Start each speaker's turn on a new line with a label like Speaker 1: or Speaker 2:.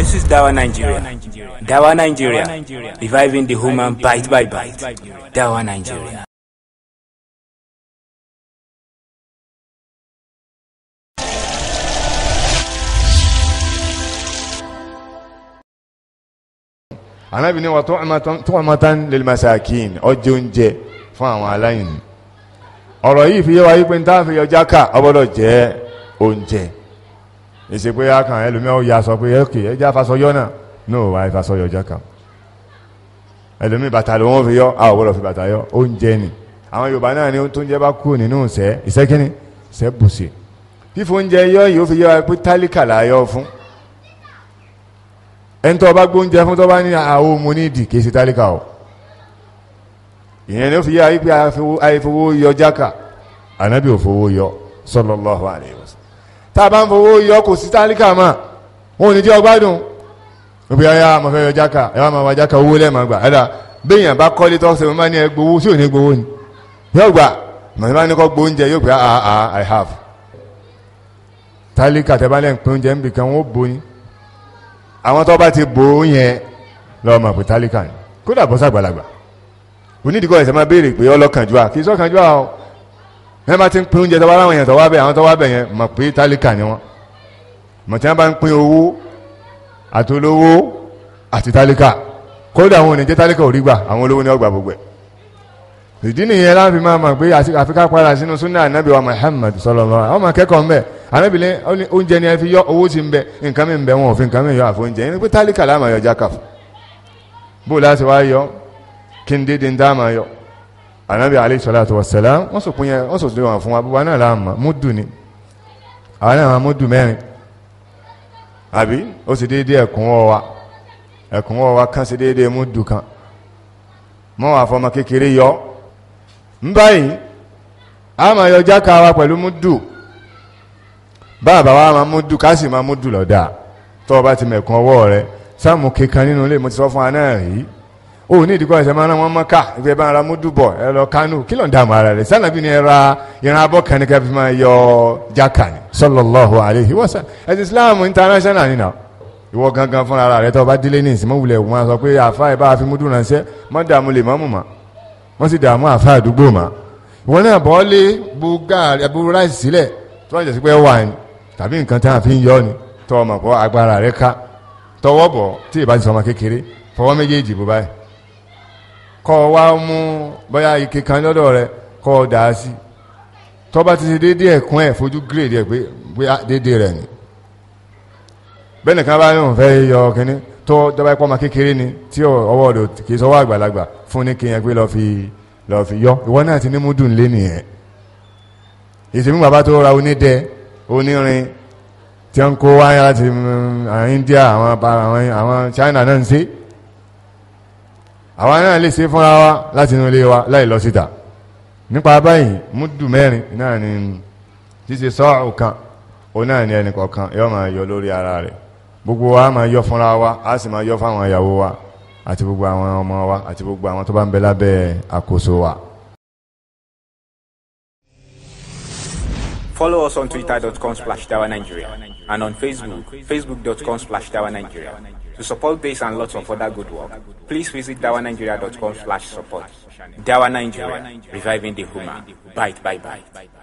Speaker 1: This is Dawa Nigeria. Dawa Nigeria. Reviving the human bite by bite. Dawa Nigeria. Ànábì ní wa tu'matan lil masakin ọjọ́ oúnjẹ fún àwọn aláìní ọ̀rọ̀ yìí fi yé wa yí pé ní táwọn fi yọjá ká ó gbọ́dọ̀ jẹ́ ìṣe pé akàn ẹlòmíà ó ya sọ pé ẹkẹ ẹjẹ afasọyọ náà no wà ìfasọyọ ọjọ kan ẹlòmíì bàtà ló wọn fi yọ a ò gbọ́dọ̀ fi bàtà yọ oúnjẹ ni àwọn Yorùbá náà ni tó ń jẹ bá kú nínú ìṣẹ ìṣẹ kínní ìṣẹ bùṣe fífò oúnjẹ yọ yìí ó fi yọ pé tálíkà là yọ fún ẹni tó bá gbóúnjẹ fún tó bá ní àwọn ọmọ ní ìdì kìí ṣe tálíkà o ìyẹn ni ó fi yọ ayé pé àìfowó yọ jákà ànábì òfowó yọ sallallahu alaihi wasallam tá a bá ń fowó yọ kò sí tálíkà mọ́ wọn ò ní jẹ́ ọgbádùn òbí ọ̀yà mo fẹ́ yọ jáka ẹ wá máa wá jáka owó lẹ́ẹ̀ma gbà ẹ̀dá béèyàn bá kọ́lé tó ṣe mo máa ní ẹ gbowó sí òní gbowó ni yóò gbà màmí bá ní kọ́ gbó oúnjẹ yóò gbà á á i have tálíkà tẹ́ bá lẹ́ ń pín oúnjẹ níbi kan wọ́n bò ní àwọn tó bá ti bò ó yẹn lọ́ọ́ mọ̀ pé tálíkà ni kódà bọ́sàgbàlagbà onídìgọ́ ẹ̀sẹ̀ máa béèrè pé ọlọ́kànjúà kì í sọ́kànjúà o ẹ bá ti ń pín oúnjẹ tó bá láwọn èèyàn tó wá bẹ̀ àwọn tó wá bẹ̀ yẹn mọ̀ pé tálíkà ni wọ́n mọ̀ tí wọ́n bá ń pín owó àtolówó àti tálíkà kódà àwọn oníjẹ́ tálíkà ò rí gbà àwọn olówó ni ọgbà gbogbo ẹ̀ ìdí nìyẹn láfi máa mọ̀ pé àfikà padà sínú súnà ànábì wa Muhammad sallallahu alaihi ọmọ akẹ́kọ̀ọ́ mbẹ ànábì lé oúnjẹ ni ẹ fi yọ owó ti mbẹ nǹkan mi mbẹ wọn ò nǹkan mi yọ àfọ̀njẹ yẹn pé tálíkà láàmà yọ jákàf bó láti wá yọ kí n anabi alayhi salatu wa salam wọ́n sọ pínyẹ wọ́n sọ sí wọn fún abúwa náà láàmà múdù ni àwọn náà mudu mẹ́rin àbí ó sì déédé ẹ̀kúnwọ́ wa ẹ̀kúnwọ́ wa kan sí déédé múdù kan mọ́ wà fọmọ kékeré yọ ń báyìí a máa yọ jáka wa pẹ̀lú múdù bàbá wa máa múdù ká sì máa múdù lọ́dà tọ́ ọ bá ti mẹ̀kún ọwọ́ rẹ sáàmù kékan nínú ilé mo ti sọ fún wa yìí o ní ìdíkọ́ ẹ̀sẹ̀ máa ń wọ́n mọ́ká ìfẹ́ bá ara múdù bọ̀ ẹ lọ kánú kí ló ń dààmú ara rẹ̀ sànàbí ni ẹ ra ìran abọ́ kan ní ká fi máa yọ jáka ni sallallahu alaihi wasallam ẹ̀sìn Islam international nìyà ìwọ gangan fúnra ara rẹ̀ tó bá délé ní ìsìnmọ́ wulẹ̀ wọn sọ pé àfa ẹ̀ bá fi múdù ránṣẹ́ mọ́ dààmú lè mọ́mù mọ́ wọ́n sì dààmú àfa àdúgbò mọ́ ìwọ náà bọ́ lé bu gaari bu ráìsì sílẹ̀ tó wọ́n jẹ́ sí pé wà ní tàbí nǹkan tí a fi ń yọ ni tọ́ ọmọ bọ́ agbára rẹ̀ ká tọwọ́ bọ̀ tí ìbá kọ́ wá mú bóyá ike kan lọ́dọ̀ rẹ kọ́ dà á sí tọ́ba ti ṣe déédé ẹ̀kún ẹ̀ fojú gírèdì ẹ̀ pé bóyá déédé rẹ̀ ni bẹ́ẹ̀ nìkan bá yóò fẹ́ yọ kínní tó dọ́ba ẹ̀kọ́ ọmọ kékeré ni tí ọwọ́ rẹ̀ kì í sọ́wọ́ àgbàlagbà fún ní kéèyàn pé lọ́ọ́ fi lọ́ọ́ fi yọ ìwọ náà ti ní mú dùn lé nìyẹn ìsinmi bàbá tó ra onídẹ onírin tí wọ́n kó wáyà láti mm, India àwọn China náà ń ṣe é àwa náà lè ṣe fúnra wa láti inú ilé wa láì lọ síta nípa báyìí múdù mẹ́rin náà ni ṣíṣe sọ́ọ̀rù kan ó náà ni ẹnì kọ̀ọ̀kan yóò máa yọ lórí ara rẹ̀ gbogbo wa máa yọ fúnra wa a sì máa yọ fáwọn ìyàwó wa àti gbogbo àwọn ọmọ wa àti gbogbo àwọn tó bá ń bẹ lábẹ́ àkóso wa. Follow us on twitter.com slash dawa Nigeria and on Facebook, facebook.com slash dawa Nigeria. To support this and lots of other good work, please visit dawanigeria.com slash support. Dawa Nigeria, reviving the humour, Bite, bye, bye.